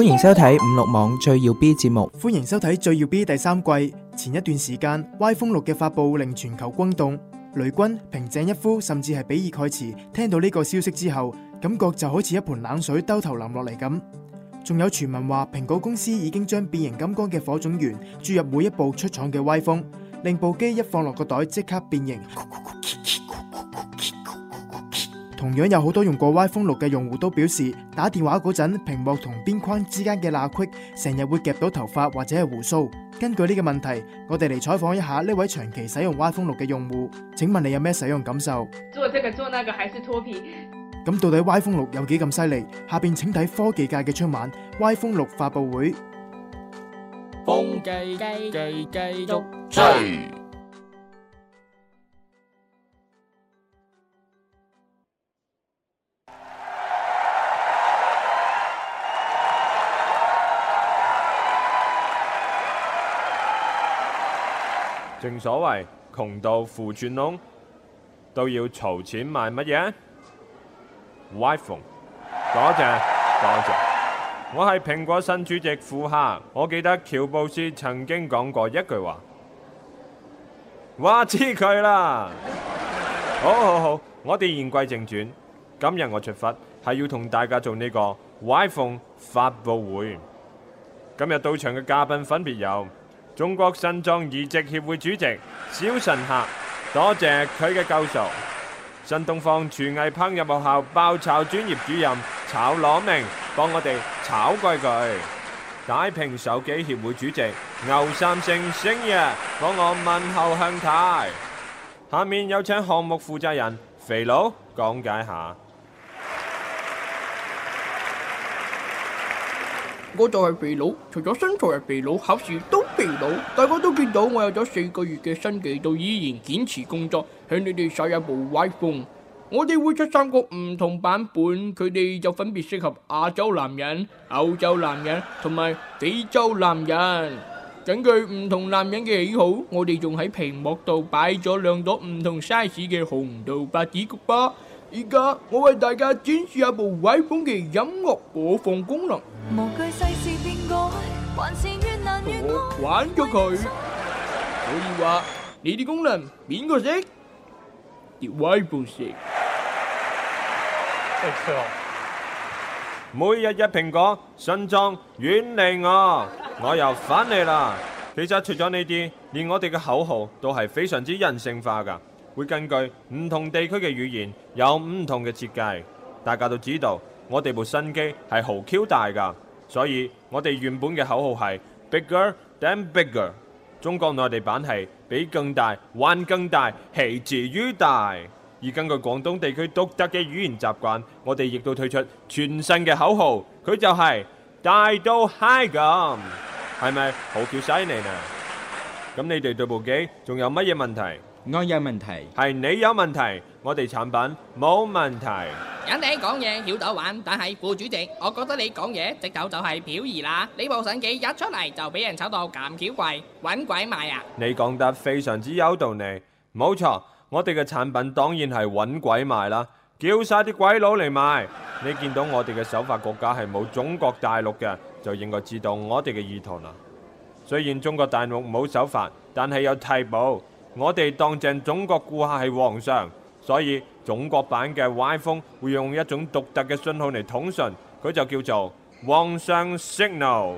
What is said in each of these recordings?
歡迎收睇《五六網最要 B 節目》。歡迎收睇《最要 B 第三季》。前一段時間，Y 風六嘅發佈令全球轟動，雷軍、平井一夫甚至係比爾蓋茨聽到呢個消息之後，感覺就好似一盆冷水兜頭淋落嚟咁。仲有傳聞話，蘋果公司已經將變形金剛嘅火種源注入每一部出廠嘅 Y 風，令部機一放落個袋即刻變形。同樣有好多用過 iPhone 六嘅用戶都表示，打電話嗰陣屏幕同邊框之間嘅罅隙，成日會夾到頭髮或者係鬍鬚。根據呢個問題，我哋嚟採訪一下呢位長期使用 iPhone 六嘅用戶。請問你有咩使用感受？做這個做那個還是脫皮？咁到底 iPhone 六有幾咁犀利？下邊請睇科技界嘅春晚 iPhone 六發布會。風繼繼繼繼續吹正所謂窮到褲穿窿，都要儲錢買乜嘢？iPhone，多謝多謝,謝,謝。我係蘋果新主席庫克，我記得喬布斯曾經講過一句話，話知佢啦。好好好，我哋言歸正傳，今日我出發係要同大家做呢個 iPhone 發佈會。今日到場嘅嘉賓分別有。中國腎臟移植協會主席小神客，多謝佢嘅救助。新東方廚藝烹飪學校爆炒專業主任炒螺明，幫我哋炒規矩。大屏手機協會主席牛三星星爺，幫我問候向太。下面有請項目負責人肥佬講解下。我就係肥佬，除咗身材係肥佬，考試都肥佬。大家都見到我有咗四個月嘅新紀，都依然堅持工作。喺你哋所有部 iPhone，我哋會出三個唔同版本，佢哋就分別適合亞洲男人、歐洲男人同埋非洲男人，根據唔同男人嘅喜好，我哋仲喺屏幕度擺咗兩朵唔同 size 嘅紅豆白子菊花。依家我為大家展示一部 iPhone 嘅音樂播放功能。無懼世事變改，還是越難越愛。我玩咗佢，所以話呢啲功能邊個識？啲 iPhone 食。哎呀！每日一蘋果，新裝遠離我。我又返嚟啦。其實除咗呢啲，連我哋嘅口號都係非常之人性化㗎。會根據唔同地區嘅語言有唔同嘅設計，大家都知道我哋部新機係好 Q 大噶，所以我哋原本嘅口號係 bigger than bigger，中國內地版係比更大，玩更大，豈止於大，而根據廣東地區獨特嘅語言習慣，我哋亦都推出全新嘅口號，佢就係大到嗨咁，係咪好 Q 犀利呢？咁你哋對部機仲有乜嘢問題？我有問題，係你有問題。我哋產品冇問題。人哋講嘢曉得玩，但係副主席，我覺得你講嘢直頭就係漂移啦。呢部神機一出嚟就俾人炒到咁矜貴，搵鬼賣啊！你講得非常之有道理，冇錯。我哋嘅產品當然係搵鬼賣啦，叫晒啲鬼佬嚟賣。你見到我哋嘅首發國家係冇中國大陸嘅，就應該知道我哋嘅意圖啦。雖然中國大陸冇首發，但係有替補。我哋當正中國顧客係皇上，所以中國版嘅 iPhone 會用一種獨特嘅信號嚟通訊，佢就叫做皇上 signal。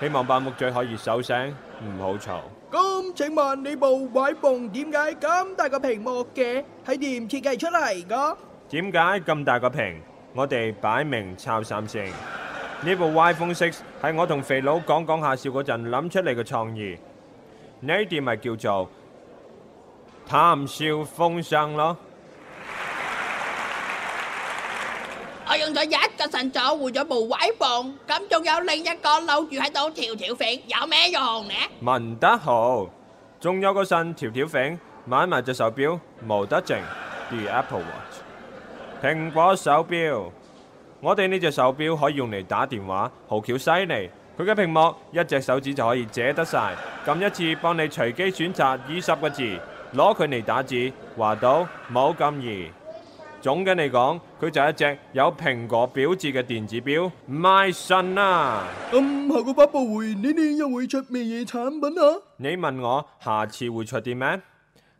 希望八目嘴可以收聲，唔好嘈。咁，請問你部 iPhone 點解咁大個屏幕嘅？係點設計出嚟噶？點解咁大個屏？我哋擺明抄三星呢部 iPhone Six，係我同肥佬講講下笑嗰陣諗出嚟嘅創意。呢啲咪叫做？談笑風生咯。我用咗一個腎座換咗部位磅，咁仲有另一個扭住喺度吊吊揈，有咩用呢？問得好，仲有個腎吊吊揈條條條買埋隻手表，無得靜，the Apple Watch 蘋果手表。我哋呢隻手表可以用嚟打電話，好巧犀利。佢嘅屏幕一隻手指就可以遮得晒，撳一次幫你隨機選擇二十個字。攞佢嚟打字，話到冇咁易。總嘅嚟講，佢就一隻有蘋果標誌嘅電子表，My son 啊！咁、嗯、下個發布會你哋又會出咩嘢產品啊？你問我下次會出啲咩？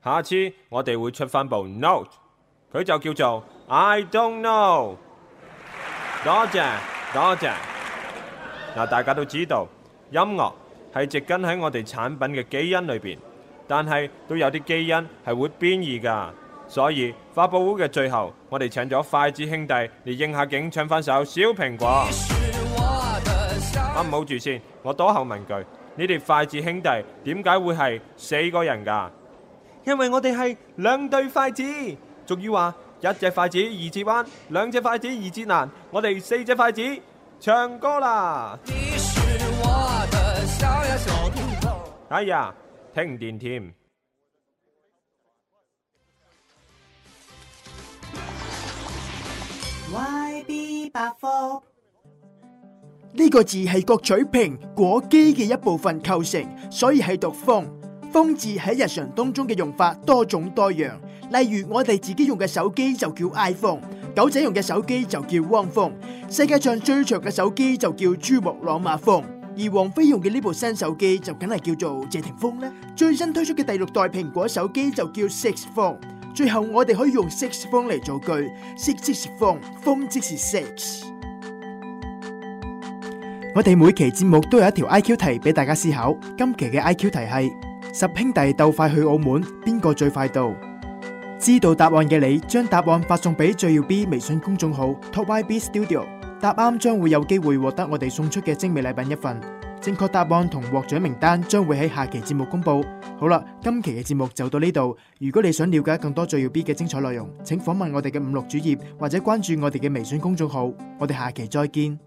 下次我哋會出翻部 Note，佢就叫做 I don't know。多謝多謝。那、啊、大家都知道，音樂係植根喺我哋產品嘅基因裏邊。但係都有啲基因係會變異噶，所以發布會嘅最後，我哋請咗筷子兄弟嚟應下景，唱翻首《小蘋果》。啊，唔好住先，我多口問句，你哋筷子兄弟點解會係四個人噶？因為我哋係兩對筷子，俗語話一隻筷子易折彎，兩隻筷子易折難，我哋四隻筷子，唱歌啦。哎呀！聽唔掂添？Y B 八峰呢個字係各取蘋果機嘅一部分構成，所以係讀峰。峰字喺日常當中嘅用法多種多樣，例如我哋自己用嘅手機就叫 iPhone，狗仔用嘅手機就叫汪峰，世界上最長嘅手機就叫珠穆朗瑪峰。而王菲用嘅呢部新手機就梗係叫做謝霆鋒咧，最新推出嘅第六代蘋果手機就叫 Six Phone。最後我哋可以用 Six Phone 嚟造句，Six 即是 Phone，Phone 即是 Six。我哋每期節目都有一條 IQ 題俾大家思考，今期嘅 IQ 題係十兄弟鬥快去澳門，邊個最快到？知道答案嘅你，將答案發送俾最耀 B 微信公眾號 TOPYBSTUDIO。答啱將會有機會獲得我哋送出嘅精美禮品一份。正確答案同獲獎名單將會喺下期節目公布。好啦，今期嘅節目就到呢度。如果你想了解更多最耀 B 嘅精彩內容，請訪問我哋嘅五六主頁或者關注我哋嘅微信公眾號。我哋下期再見。